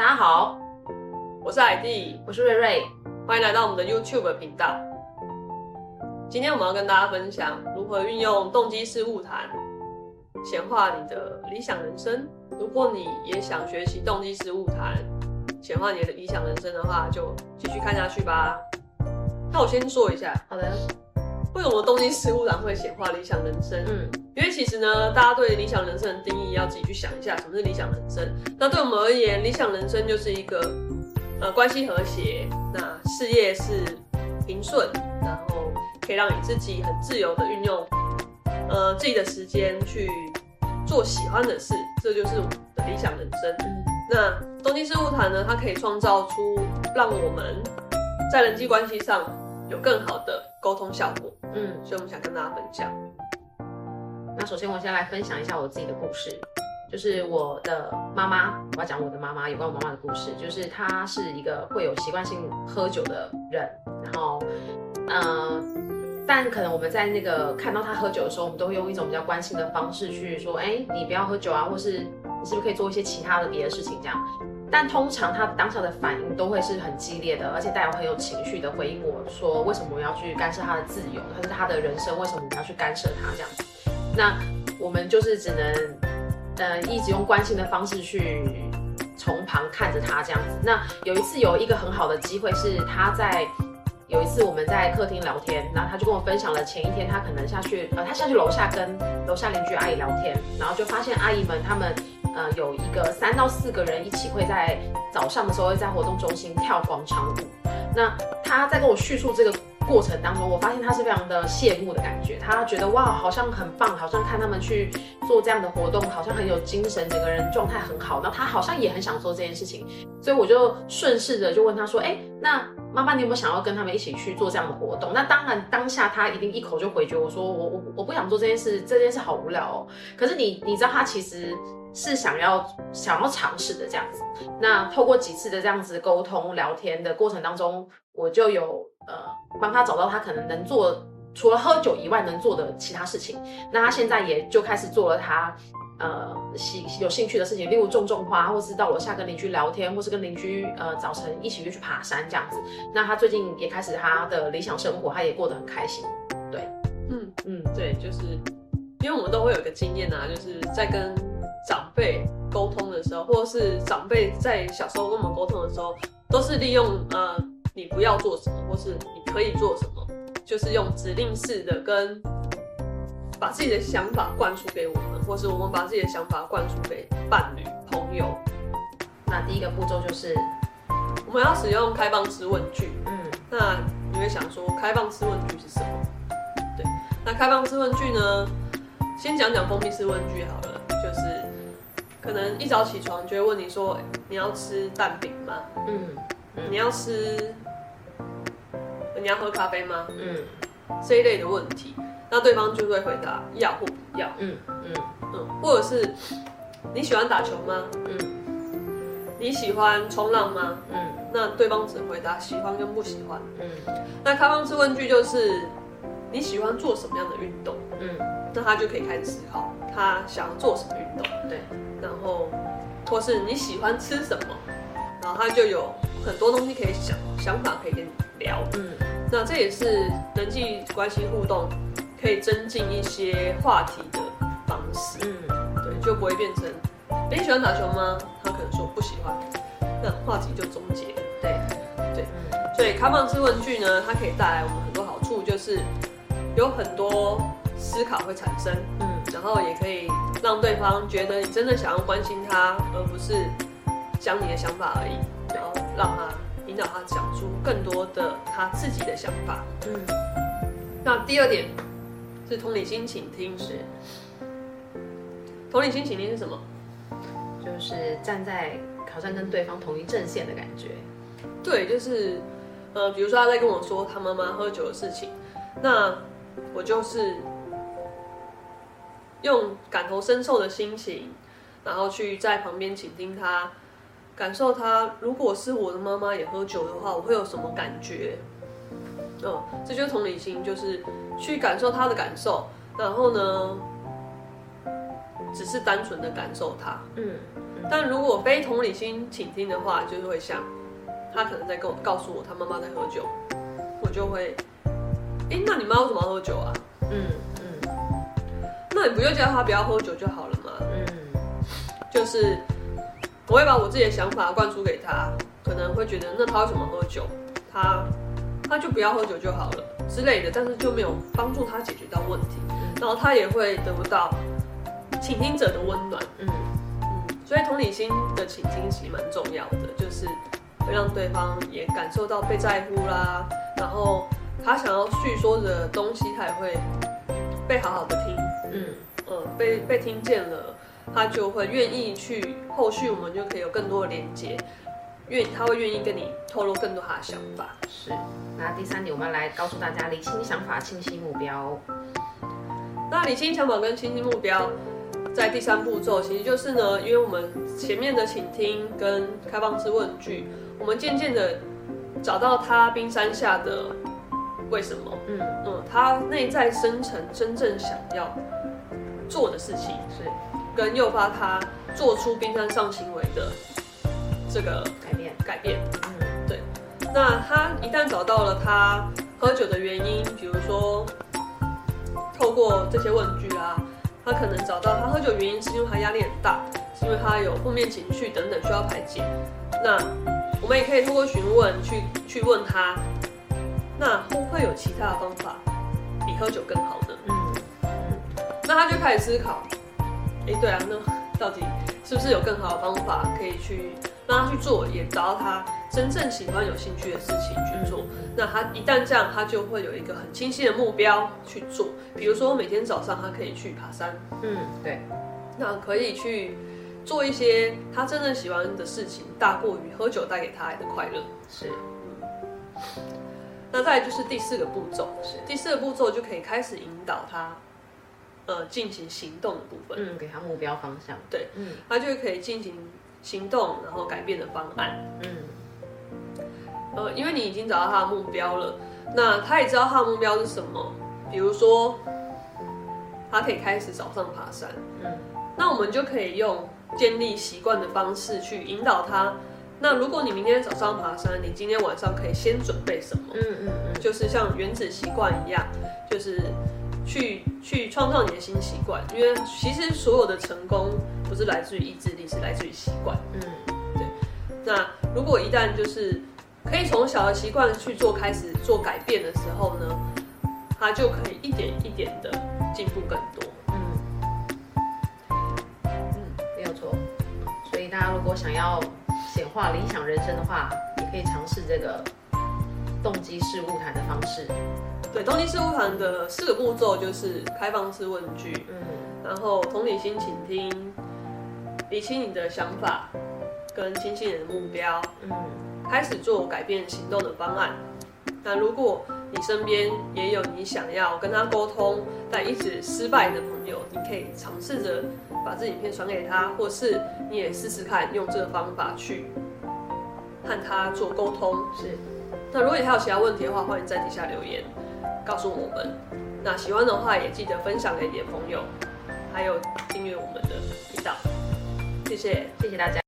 大家好，我是海蒂，我是瑞瑞，歡迎來到我們的 YouTube 頻道。今天我們要跟大家分享如何運用動機式晤談顯化你的理想人生。如果你也想學習動機式晤談顯化你的理想人生的話，就繼續看下去吧。那我先說一下，好的。為什麼動機式晤談會顯化理想人生？嗯，因為其實呢，大家對理想人生的定義要自己去想一下，什麼是理想人生？那對我們而言，理想人生就是一個，呃，關係和諧，那事業是平順，然後可以讓你自己很自由的運用，呃，自己的時間去做喜歡的事，這就是我的理想人生。嗯、那動機式晤談呢，它可以創造出讓我們在人際關係上有更好的溝通效果。嗯，所以我們想跟大家分享。那首先我先來分享一下我自己的故事，就是我的媽媽，我要講我的媽媽，有關我媽媽的故事，就是她是一個會有習慣性喝酒的人，然後，嗯、呃，但可能我們在那個看到她喝酒的時候，我們都會用一種比較關心的方式去說，哎，你不要喝酒啊，或是你是不是可以做一些其他的別的事情這樣。但通常他當下的反應都會是很激烈的，而且帶有很有情緒的回應我說：“為什麼我要去干涉他的自由？或者是他的人生，為什麼你要去干涉他？”這樣子，那我們就是只能，呃，一直用關心的方式去從旁看着他這樣子。那有一次有一個很好的機會是他在。有一次我們在客廳聊天，然後他就跟我分享了前一天他可能下去，呃，他下去樓下跟樓下鄰居阿姨聊天，然後就發現阿姨們他們，呃，有一個三到四個人一起會在早上的時候會在活動中心跳廣場舞。那他在跟我敘述這個。過程當中，我發現他是非常的羨慕的感覺，他覺得哇，好像很棒，好像看他們去做這樣的活動，好像很有精神，整個人狀態很好。那他好像也很想做這件事情，所以我就順勢的就問他說：“誒、欸，那媽媽，你有沒有想要跟他們一起去做這樣的活動？”那當然，當下他一定一口就回絕我說：“我我我不想做這件事，這件事好無聊哦。”可是你你知道他其實是想要想要嘗試的這樣子。那透過幾次的這樣子溝通聊天的過程當中，我就有。呃，幫他找到他可能能做，除了喝酒以外能做的其他事情。那他現在也就開始做了他，呃，喜有興趣的事情，例如種種花，或是到樓下跟鄰居聊天，或是跟鄰居呃早晨一起就去爬山這樣子。那他最近也開始他的理想生活，他也過得很開心。對，嗯嗯，對，就是因為我們都會有一個經驗啊，就是在跟長輩溝通的時候，或是長輩在小時候跟我們溝通的時候，都是利用呃。你不要做什麼，或是你可以做什麼，就是用指令式的跟把自己的想法灌輸給我們，或是我們把自己的想法灌輸給伴侶、朋友。那第一個步驟就是，我們要使用開放式問句。嗯，那你會想說，開放式問句是什麼？對，那開放式問句呢，先講講封閉式問句好了，就是、嗯、可能一早起床就會問你說，你要吃蛋餅嗎？嗯。你要吃，你要喝咖啡嗎？嗯，這一類的問題，那對方就會回答要或不要。嗯嗯，嗯或者是你喜歡打球嗎？嗯，你喜歡衝浪嗎？嗯，那對方只回答喜歡跟不喜歡。嗯，那開放式問句就是你喜歡做什麼樣的運動？嗯，那他就可以開始思考他想要做什麼運動。對，然後或是你喜歡吃什麼？然後他就有。很多東西可以想想法，可以跟你聊。嗯，那這也是人際關係互動可以增進一些話題的方式。嗯，對，就不會變成、欸、你喜歡打球嗎？他可能說不喜歡，那話題就終結。對，對，所以開放式問句呢，它可以帶來我們很多好處，就是有很多思考會產生、嗯。然後也可以讓對方覺得你真的想要關心他，而不是講你的想法而已。讓他引導他講出更多的他自己的想法。嗯，那第二點是同理心傾聽，是同理心傾聽是什麼？就是站在好像跟對方同一陣線的感覺。對，就是呃，比如說他在跟我說他媽媽喝酒的事情，那我就是用感同身受的心情，然後去在旁邊傾聽他。感受他，如果是我的媽媽也喝酒的話，我會有什麼感覺？嗯、哦，這就是同理心，就是去感受他的感受，然後呢，只是單純的感受他。嗯，嗯，但如果非同理心傾聽的話，就是會想，他可能在告訴我他媽媽在喝酒，我就會，誒，那你媽為什麼要喝酒啊？嗯嗯，那你不就叫他不要喝酒就好了嘛？嗯，就是。我會把我自己的想法灌輸給他，可能會覺得那他為什麼喝酒，他，他就不要喝酒就好了之類的，但是就沒有幫助他解決到問題，然後他也會得不到傾聽者的溫暖，嗯嗯，所以同理心的傾聽其實蠻重要的，就是會讓對方也感受到被在乎啦，然後他想要敘說的東西，他也會被好好的聽，嗯嗯，呃，被被聽見了。他就會願意去，後續我們就可以有更多的連接，願他會願意跟你透露更多他的想法。是。那第三點，我們要來告訴大家，理清想法，清晰目標。那理清想法跟清晰目標，在第三步驟其實就是呢，因為我們前面的傾聽跟開放式問句，我們漸漸的找到他冰山下的為什麼。嗯嗯，他內在深層真正想要做的事情是。跟誘發他做出冰山上行為的這個改變，改變，改變，嗯，對。那他一旦找到了他喝酒的原因，比如說透過這些問句啊，他可能找到他喝酒原因是因為他壓力很大，是因為他有負面情緒等等需要排解。那我們也可以通過詢問去去問他，那會不會有其他的方法比喝酒更好的？嗯，嗯，那他就開始思考。哎，對啊，那到底是不是有更好的方法可以去讓他去做，也找到他真正喜歡、有興趣的事情去做？那他一旦這樣，他就會有一個很清晰的目標去做。比如說，每天早上他可以去爬山。嗯，對。那可以去做一些他真正喜歡的事情，大過於喝酒帶給他的快樂。是。嗯。那再來就是第四個步驟，第四個步驟就可以開始引導他。呃，進行行動的部分，嗯，給他目標方向，對，嗯，他就可以進行行動，然後改變的方案，嗯，呃，因為你已經找到他的目標了，那他也知道他的目標是什麼，比如說，他可以開始早上爬山，嗯，那我們就可以用建立習慣的方式去引導他，那如果你明天早上爬山，你今天晚上可以先準備什麼？嗯嗯嗯，就是像原子習慣一樣，就是去。去創造你的新習慣，因為其實所有的成功不是來自於意志力，是來自於習慣。嗯，對。那如果一旦就是可以從小的習慣去做開始做改變的時候呢，它就可以一點一點的進步更多。嗯，嗯，沒有錯。所以大家如果想要顯化理想人生的話，也可以嘗試這個動機式晤談的方式。對，動機式晤談的四個步驟就是開放式問句，嗯、然後同理心傾聽，理清你的想法跟清晰你的目標，嗯，開始做改變行動的方案。那如果你身邊也有你想要跟他溝通但一直失敗的朋友，你可以嘗試着把這影片傳給他，或是你也試試看用這個方法去和他做溝通。是，那如果你還有其他問題的話，歡迎在底下留言，告訴我們，那喜歡的話也記得分享給你的朋友，還有訂閱我們的頻道，謝謝，謝謝大家。